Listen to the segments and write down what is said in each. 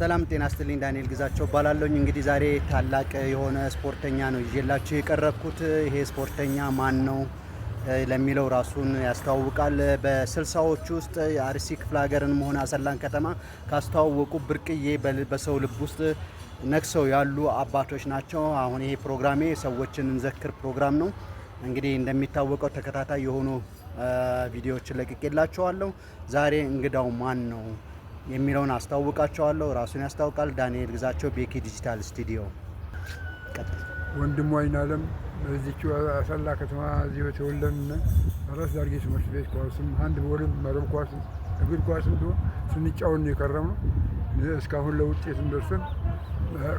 ሰላም ጤና ስትልኝ ዳንኤል ግዛቸው እባላለሁኝ። እንግዲህ ዛሬ ታላቅ የሆነ ስፖርተኛ ነው ይዤላችሁ የቀረብኩት። ይሄ ስፖርተኛ ማን ነው ለሚለው ራሱን ያስተዋውቃል። በስልሳዎች ውስጥ የአርሲ ክፍለ ሀገርንም ሆነ አሰላን ከተማ ካስተዋወቁ ብርቅዬ በሰው ልብ ውስጥ ነክሰው ያሉ አባቶች ናቸው። አሁን ይሄ ፕሮግራሜ ሰዎችን እንዘክር ፕሮግራም ነው። እንግዲህ እንደሚታወቀው ተከታታይ የሆኑ ቪዲዮዎችን ለቅቄላችኋለሁ። ዛሬ እንግዳው ማን ነው የሚለውን አስተዋውቃቸዋለሁ። ራሱን ያስታውቃል። ዳንኤል ግዛቸው፣ ቤኪ ዲጂታል ስቱዲዮ። ወንድሙ አይናለም በዚች አሰላ ከተማ እዚሁ ተወልደን ራስ ዳርጌ ትምህርት ቤት ኳስም አንድ በወልም መረብ ኳስም እግር ኳስም ቢሆን ስንጫወት ነው የከረምነው እስካሁን ለውጤት እንደርስም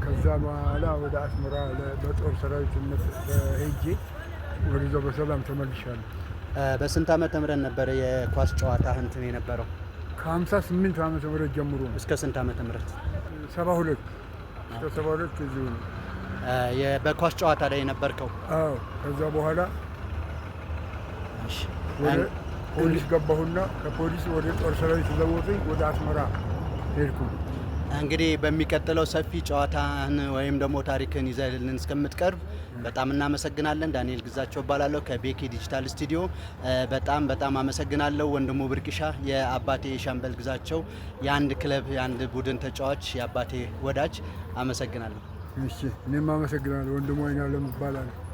ከዛ በኋላ ወደ አስመራ በጦር ሰራዊትነት ሄጄ ወደዛ በሰላም ተመልሻለሁ። በስንት ዓመተ ተምረን ነበረ የኳስ ጨዋታ ህንትን የነበረው? ከ58 ዓመተ ምህረት ጀምሮ ነው። እስከ ስንት ዓመተ ምህረት? እስከ እዚሁ ነው። በኳስ ጨዋታ ላይ የነበርከው? አዎ። ከዛ በኋላ ፖሊስ ገባሁና ከፖሊስ ወደ ጦር ሰራዊት ለወጡኝ። ወደ አስመራ ሄድኩ። እንግዲህ በሚቀጥለው ሰፊ ጨዋታን ወይም ደግሞ ታሪክን ይዘልን እስከምትቀርብ በጣም እናመሰግናለን። ዳንኤል ግዛቸው እባላለሁ ከቤኪ ዲጂታል ስቱዲዮ። በጣም በጣም አመሰግናለሁ ወንድሙ ብርቅሻ፣ የአባቴ ሻምበል ግዛቸው፣ የአንድ ክለብ የአንድ ቡድን ተጫዋች፣ የአባቴ ወዳጅ፣ አመሰግናለሁ። እሺ፣ እኔም አመሰግናለሁ። ወንድሙ አይናለም እባላለሁ።